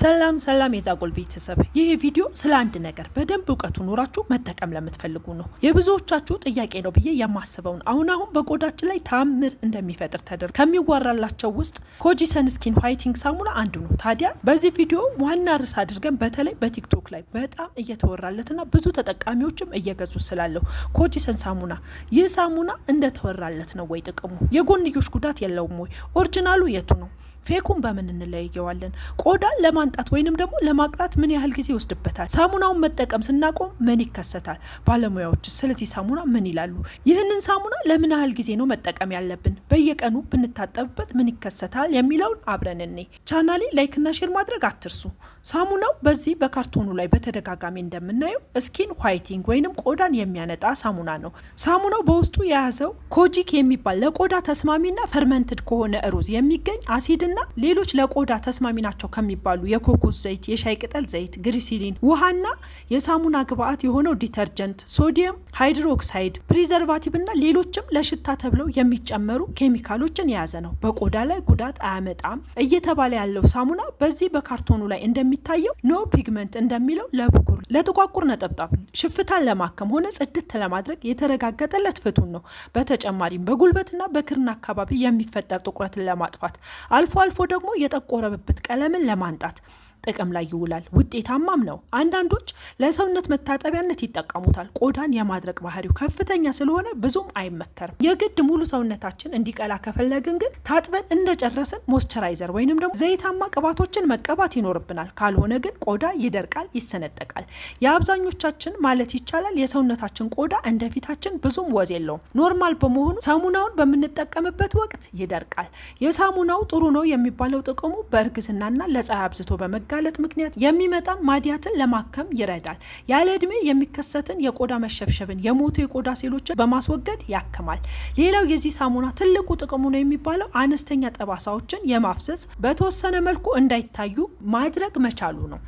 ሰላም ሰላም የዛጎል ቤተሰብ፣ ይህ ቪዲዮ ስለ አንድ ነገር በደንብ እውቀቱ ኖራችሁ መጠቀም ለምትፈልጉ ነው። የብዙዎቻችሁ ጥያቄ ነው ብዬ የማስበውን አሁን አሁን በቆዳችን ላይ ታምር እንደሚፈጥር ተደርጎ ከሚወራላቸው ውስጥ ኮጂሰን ስኪን ዋይቲንግ ሳሙና አንዱ ነው። ታዲያ በዚህ ቪዲዮ ዋና ርዕስ አድርገን በተለይ በቲክቶክ ላይ በጣም እየተወራለትና ብዙ ተጠቃሚዎችም እየገዙ ስላለው ኮጂሰን ሳሙና፣ ይህ ሳሙና እንደተወራለት ነው ወይ? ጥቅሙ የጎንዮሽ ጉዳት የለውም ወይ? ኦሪጂናሉ የቱ ነው? ፌኩን በምን እንለየዋለን? ቆዳን ለማ ለማንጣት ወይንም ደግሞ ለማቅላት ምን ያህል ጊዜ ይወስድበታል? ሳሙናውን መጠቀም ስናቆም ምን ይከሰታል? ባለሙያዎች ስለዚህ ሳሙና ምን ይላሉ? ይህንን ሳሙና ለምን ያህል ጊዜ ነው መጠቀም ያለብን? በየቀኑ ብንታጠብበት ምን ይከሰታል የሚለውን አብረን እኔ ቻናሌ ላይክና ሼር ማድረግ አትርሱ። ሳሙናው በዚህ በካርቶኑ ላይ በተደጋጋሚ እንደምናየው ስኪን ዋይቲንግ ወይንም ቆዳን የሚያነጣ ሳሙና ነው። ሳሙናው በውስጡ የያዘው ኮጂክ የሚባል ለቆዳ ተስማሚና ፈርመንትድ ከሆነ ሩዝ የሚገኝ አሲድና ሌሎች ለቆዳ ተስማሚ ናቸው ከሚባሉ የኮኮስ ዘይት፣ የሻይ ቅጠል ዘይት፣ ግሪሲሊን፣ ውሃና የሳሙና ግብአት የሆነው ዲተርጀንት፣ ሶዲየም ሃይድሮክሳይድ፣ ፕሪዘርቫቲቭ እና ሌሎችም ለሽታ ተብለው የሚጨመሩ ኬሚካሎችን የያዘ ነው። በቆዳ ላይ ጉዳት አያመጣም እየተባለ ያለው ሳሙና በዚህ በካርቶኑ ላይ እንደሚታየው ኖ ፒግመንት እንደሚለው ለብጉር፣ ለጥቋቁር ነጠብጣብ፣ ሽፍታን ለማከም ሆነ ጽድት ለማድረግ የተረጋገጠለት ፍቱን ነው። በተጨማሪም በጉልበትና በክርን አካባቢ የሚፈጠር ጥቁረትን ለማጥፋት አልፎ አልፎ ደግሞ የጠቆረ ብብት ቀለምን ለማንጣት that. ጥቅም ላይ ይውላል። ውጤታማም ነው። አንዳንዶች ለሰውነት መታጠቢያነት ይጠቀሙታል። ቆዳን የማድረቅ ባህሪው ከፍተኛ ስለሆነ ብዙም አይመከርም። የግድ ሙሉ ሰውነታችን እንዲቀላ ከፈለግን ግን ታጥበን እንደጨረስን ሞስቸራይዘር ወይንም ደግሞ ዘይታማ ቅባቶችን መቀባት ይኖርብናል። ካልሆነ ግን ቆዳ ይደርቃል፣ ይሰነጠቃል። የአብዛኞቻችን ማለት ይቻላል የሰውነታችን ቆዳ እንደፊታችን ብዙም ወዝ የለውም። ኖርማል በመሆኑ ሳሙናውን በምንጠቀምበት ወቅት ይደርቃል። የሳሙናው ጥሩ ነው የሚባለው ጥቅሙ በእርግዝናና ለፀሐይ አብዝቶ በመ መጋለጥ ምክንያት የሚመጣን ማዲያትን ለማከም ይረዳል። ያለ እድሜ የሚከሰትን የቆዳ መሸብሸብን፣ የሞቱ የቆዳ ሴሎችን በማስወገድ ያክማል። ሌላው የዚህ ሳሙና ትልቁ ጥቅሙ ነው የሚባለው አነስተኛ ጠባሳዎችን የማፍሰስ በተወሰነ መልኩ እንዳይታዩ ማድረግ መቻሉ ነው።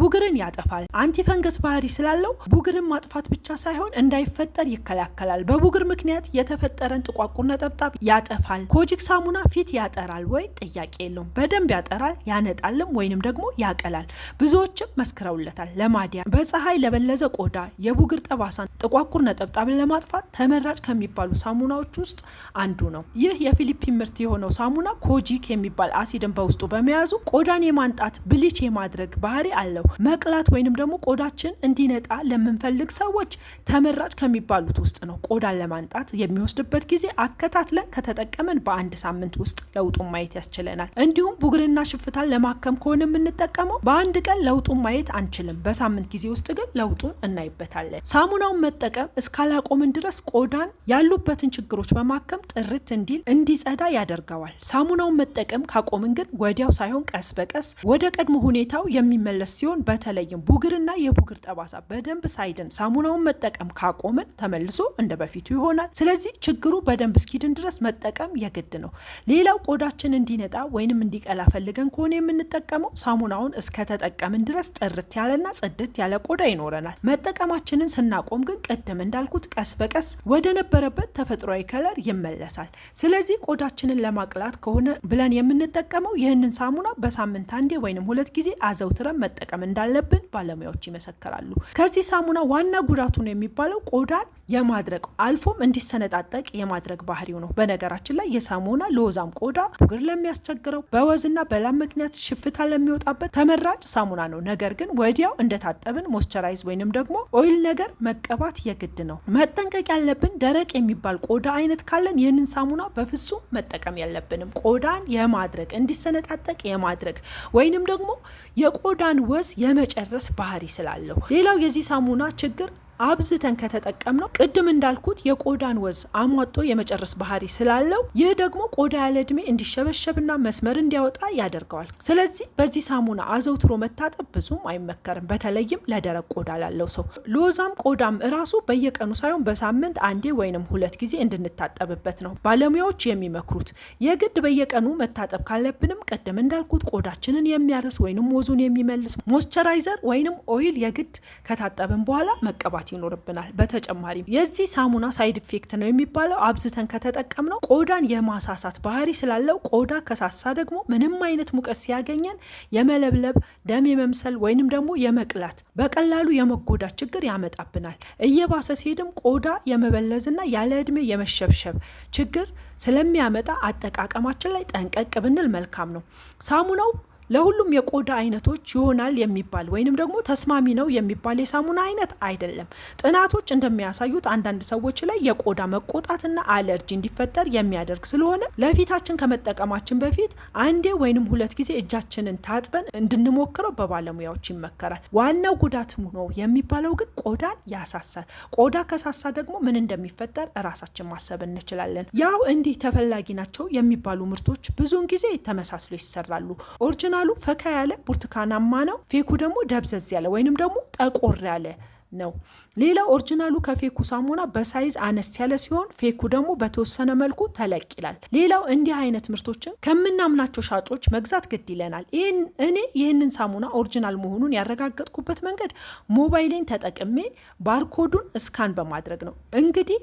ቡግርን ያጠፋል። አንቲፈንገስ ባህሪ ስላለው ቡግርን ማጥፋት ብቻ ሳይሆን እንዳይፈጠር ይከላከላል። በቡግር ምክንያት የተፈጠረን ጥቋቁር ነጠብጣብ ያጠፋል። ኮጂክ ሳሙና ፊት ያጠራል ወይ? ጥያቄ የለውም። በደንብ ያጠራል፣ ያነጣልም ወይንም ደግሞ ያቀላል። ብዙዎችም መስክረውለታል። ለማዲያ በፀሐይ ለበለዘ ቆዳ፣ የቡግር ጠባሳን፣ ጥቋቁር ነጠብጣብን ለማጥፋት ተመራጭ ከሚባሉ ሳሙናዎች ውስጥ አንዱ ነው። ይህ የፊሊፒን ምርት የሆነው ሳሙና ኮጂክ የሚባል አሲድን በውስጡ በመያዙ ቆዳን የማንጣት ብሊች የማድረግ ባህሪ አለው። የምንለው። መቅላት ወይንም ደግሞ ቆዳችን እንዲነጣ ለምንፈልግ ሰዎች ተመራጭ ከሚባሉት ውስጥ ነው። ቆዳን ለማንጣት የሚወስድበት ጊዜ አከታትለን ከተጠቀምን በአንድ ሳምንት ውስጥ ለውጡን ማየት ያስችለናል። እንዲሁም ቡግርና ሽፍታን ለማከም ከሆነ የምንጠቀመው በአንድ ቀን ለውጡን ማየት አንችልም። በሳምንት ጊዜ ውስጥ ግን ለውጡን እናይበታለን። ሳሙናውን መጠቀም እስካላቆምን ድረስ ቆዳን ያሉበትን ችግሮች በማከም ጥርት እንዲል እንዲጸዳ ያደርገዋል። ሳሙናውን መጠቀም ካቆምን ግን ወዲያው ሳይሆን ቀስ በቀስ ወደ ቀድሞ ሁኔታው የሚመለስ ሲሆን ሲሆን በተለይም ቡግርና የቡግር ጠባሳ በደንብ ሳይድን ሳሙናውን መጠቀም ካቆምን ተመልሶ እንደ በፊቱ ይሆናል። ስለዚህ ችግሩ በደንብ እስኪድን ድረስ መጠቀም የግድ ነው። ሌላው ቆዳችን እንዲነጣ ወይንም እንዲቀላ ፈልገን ከሆነ የምንጠቀመው ሳሙናውን እስከተጠቀምን ድረስ ጥርት ያለና ጽድት ያለ ቆዳ ይኖረናል። መጠቀማችንን ስናቆም ግን ቅድም እንዳልኩት ቀስ በቀስ ወደ ነበረበት ተፈጥሯዊ ከለር ይመለሳል። ስለዚህ ቆዳችንን ለማቅላት ከሆነ ብለን የምንጠቀመው ይህንን ሳሙና በሳምንት አንዴ ወይንም ሁለት ጊዜ አዘውትረን መጠቀም መጠቀም እንዳለብን ባለሙያዎች ይመሰክራሉ። ከዚህ ሳሙና ዋና ጉዳቱ ነው የሚባለው ቆዳን የማድረግ አልፎም እንዲሰነጣጠቅ የማድረግ ባህሪው ነው። በነገራችን ላይ የሳሙና ለወዛም ቆዳ ቡግር ለሚያስቸግረው፣ በወዝና በላም ምክንያት ሽፍታ ለሚወጣበት ተመራጭ ሳሙና ነው። ነገር ግን ወዲያው እንደታጠብን ሞስቸራይዝ ወይንም ደግሞ ኦይል ነገር መቀባት የግድ ነው። መጠንቀቅ ያለብን ደረቅ የሚባል ቆዳ አይነት ካለን ይህንን ሳሙና በፍጹም መጠቀም ያለብንም ቆዳን የማድረግ እንዲሰነጣጠቅ የማድረግ ወይንም ደግሞ የቆዳን ወዝ የመጨረስ ባህሪ ስላለው። ሌላው የዚህ ሳሙና ችግር አብዝተን ከተጠቀምነው ቅድም እንዳልኩት የቆዳን ወዝ አሟጦ የመጨረስ ባህሪ ስላለው ይህ ደግሞ ቆዳ ያለ እድሜ እንዲሸበሸብና መስመር እንዲያወጣ ያደርገዋል። ስለዚህ በዚህ ሳሙና አዘውትሮ መታጠብ ብዙም አይመከርም፣ በተለይም ለደረቅ ቆዳ ላለው ሰው። ሎዛም ቆዳም እራሱ በየቀኑ ሳይሆን በሳምንት አንዴ ወይንም ሁለት ጊዜ እንድንታጠብበት ነው ባለሙያዎች የሚመክሩት። የግድ በየቀኑ መታጠብ ካለብንም ቅድም እንዳልኩት ቆዳችንን የሚያርስ ወይንም ወዙን የሚመልስ ሞስቸራይዘር ወይንም ኦይል የግድ ከታጠብን በኋላ መቀባት ይኖርብናል። በተጨማሪም የዚህ ሳሙና ሳይድ ኢፌክት ነው የሚባለው አብዝተን ከተጠቀምነው ቆዳን የማሳሳት ባህሪ ስላለው ቆዳ ከሳሳ ደግሞ ምንም አይነት ሙቀት ሲያገኘን የመለብለብ ደም የመምሰል ወይንም ደግሞ የመቅላት በቀላሉ የመጎዳት ችግር ያመጣብናል። እየባሰ ሲሄድም ቆዳ የመበለዝና ያለ እድሜ የመሸብሸብ ችግር ስለሚያመጣ አጠቃቀማችን ላይ ጠንቀቅ ብንል መልካም ነው። ሳሙናው ለሁሉም የቆዳ አይነቶች ይሆናል የሚባል ወይንም ደግሞ ተስማሚ ነው የሚባል የሳሙና አይነት አይደለም። ጥናቶች እንደሚያሳዩት አንዳንድ ሰዎች ላይ የቆዳ መቆጣትና አለርጂ እንዲፈጠር የሚያደርግ ስለሆነ ለፊታችን ከመጠቀማችን በፊት አንዴ ወይንም ሁለት ጊዜ እጃችንን ታጥበን እንድንሞክረው በባለሙያዎች ይመከራል። ዋናው ጉዳት ነው የሚባለው ግን ቆዳን ያሳሳል። ቆዳ ከሳሳ ደግሞ ምን እንደሚፈጠር እራሳችን ማሰብ እንችላለን። ያው እንዲህ ተፈላጊ ናቸው የሚባሉ ምርቶች ብዙውን ጊዜ ተመሳስሎ ይሰራሉ ኦሪጂናል ኦሪጂናሉ ፈካ ያለ ብርቱካናማ ነው። ፌኩ ደግሞ ደብዘዝ ያለ ወይንም ደግሞ ጠቆር ያለ ነው። ሌላው ኦሪጂናሉ ከፌኩ ሳሙና በሳይዝ አነስት ያለ ሲሆን ፌኩ ደግሞ በተወሰነ መልኩ ተለቅ ይላል። ሌላው እንዲህ አይነት ምርቶችን ከምናምናቸው ሻጮች መግዛት ግድ ይለናል። እኔ ይህንን ሳሙና ኦሪጂናል መሆኑን ያረጋገጥኩበት መንገድ ሞባይሌን ተጠቅሜ ባርኮዱን እስካን በማድረግ ነው። እንግዲህ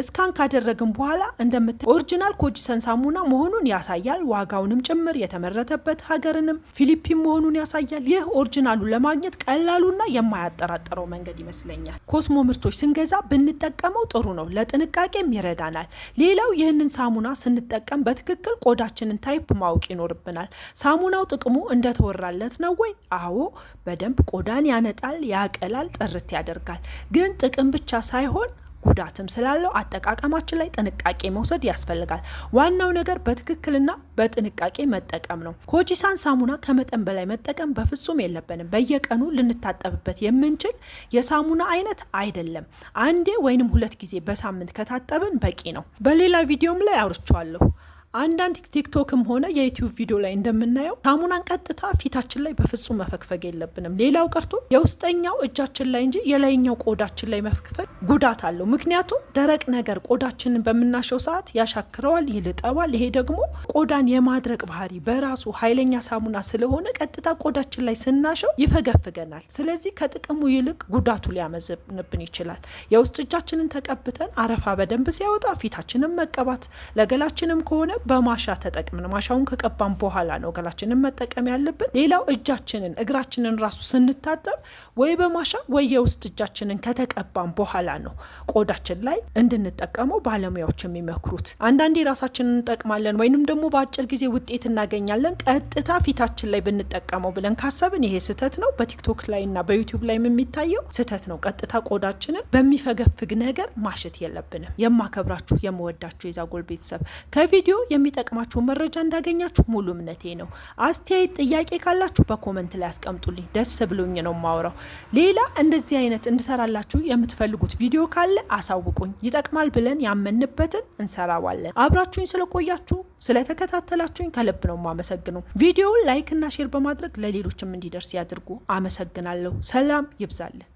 እስካን ካደረግን በኋላ እንደምታ ኦሪጂናል ኮጂሰን ሳሙና መሆኑን ያሳያል። ዋጋውንም ጭምር የተመረተበት ሀገርንም ፊሊፒን መሆኑን ያሳያል። ይህ ኦሪጂናሉ ለማግኘት ቀላሉና የማያጠራጠረው መንገድ ይመስለኛል። ኮስሞ ምርቶች ስንገዛ ብንጠቀመው ጥሩ ነው፣ ለጥንቃቄም ይረዳናል። ሌላው ይህንን ሳሙና ስንጠቀም በትክክል ቆዳችንን ታይፕ ማወቅ ይኖርብናል። ሳሙናው ጥቅሙ እንደተወራለት ነው ወይ? አዎ፣ በደንብ ቆዳን ያነጣል፣ ያቀላል፣ ጥርት ያደርጋል። ግን ጥቅም ብቻ ሳይሆን ጉዳትም ስላለው አጠቃቀማችን ላይ ጥንቃቄ መውሰድ ያስፈልጋል። ዋናው ነገር በትክክልና በጥንቃቄ መጠቀም ነው። ኮጂሳን ሳሙና ከመጠን በላይ መጠቀም በፍጹም የለብንም። በየቀኑ ልንታጠብበት የምንችል የሳሙና አይነት አይደለም። አንዴ ወይንም ሁለት ጊዜ በሳምንት ከታጠብን በቂ ነው። በሌላ ቪዲዮም ላይ አውርቼዋለሁ። አንዳንድ ቲክቶክም ሆነ የዩቲዩብ ቪዲዮ ላይ እንደምናየው ሳሙናን ቀጥታ ፊታችን ላይ በፍጹም መፈግፈግ የለብንም። ሌላው ቀርቶ የውስጠኛው እጃችን ላይ እንጂ የላይኛው ቆዳችን ላይ መፈግፈግ ጉዳት አለው። ምክንያቱም ደረቅ ነገር ቆዳችንን በምናሸው ሰዓት ያሻክረዋል፣ ይልጠዋል። ይሄ ደግሞ ቆዳን የማድረቅ ባህሪ በራሱ ኃይለኛ ሳሙና ስለሆነ ቀጥታ ቆዳችን ላይ ስናሸው ይፈገፍገናል። ስለዚህ ከጥቅሙ ይልቅ ጉዳቱ ሊያመዝንብን ይችላል። የውስጥ እጃችንን ተቀብተን አረፋ በደንብ ሲያወጣ ፊታችንን መቀባት ለገላችንም ከሆነ በማሻ ተጠቅምን ማሻውን ከቀባን በኋላ ነው ገላችንን መጠቀም ያለብን። ሌላው እጃችንን እግራችንን ራሱ ስንታጠብ ወይ በማሻ ወይ የውስጥ እጃችንን ከተቀባን በኋላ ነው ቆዳችን ላይ እንድንጠቀመው ባለሙያዎች የሚመክሩት። አንዳንዴ ራሳችንን እንጠቅማለን ወይንም ደግሞ በአጭር ጊዜ ውጤት እናገኛለን ቀጥታ ፊታችን ላይ ብንጠቀመው ብለን ካሰብን ይሄ ስህተት ነው። በቲክቶክ ላይ እና በዩቲዩብ ላይም የሚታየው ስህተት ነው። ቀጥታ ቆዳችንን በሚፈገፍግ ነገር ማሸት የለብንም። የማከብራችሁ የመወዳችሁ የዛጎል ቤተሰብ ከቪዲዮ የሚጠቅማችሁን መረጃ እንዳገኛችሁ ሙሉ እምነቴ ነው። አስተያየት፣ ጥያቄ ካላችሁ በኮመንት ላይ አስቀምጡልኝ። ደስ ብሎኝ ነው ማውራው። ሌላ እንደዚህ አይነት እንድሰራላችሁ የምትፈልጉት ቪዲዮ ካለ አሳውቁኝ። ይጠቅማል ብለን ያመንበትን እንሰራዋለን። አብራችሁኝ ስለቆያችሁ ስለተከታተላችሁኝ ከልብ ነው የማመሰግነው። ቪዲዮውን እና ሼር በማድረግ ለሌሎችም እንዲደርስ ያድርጉ። አመሰግናለሁ። ሰላም ይብዛልን።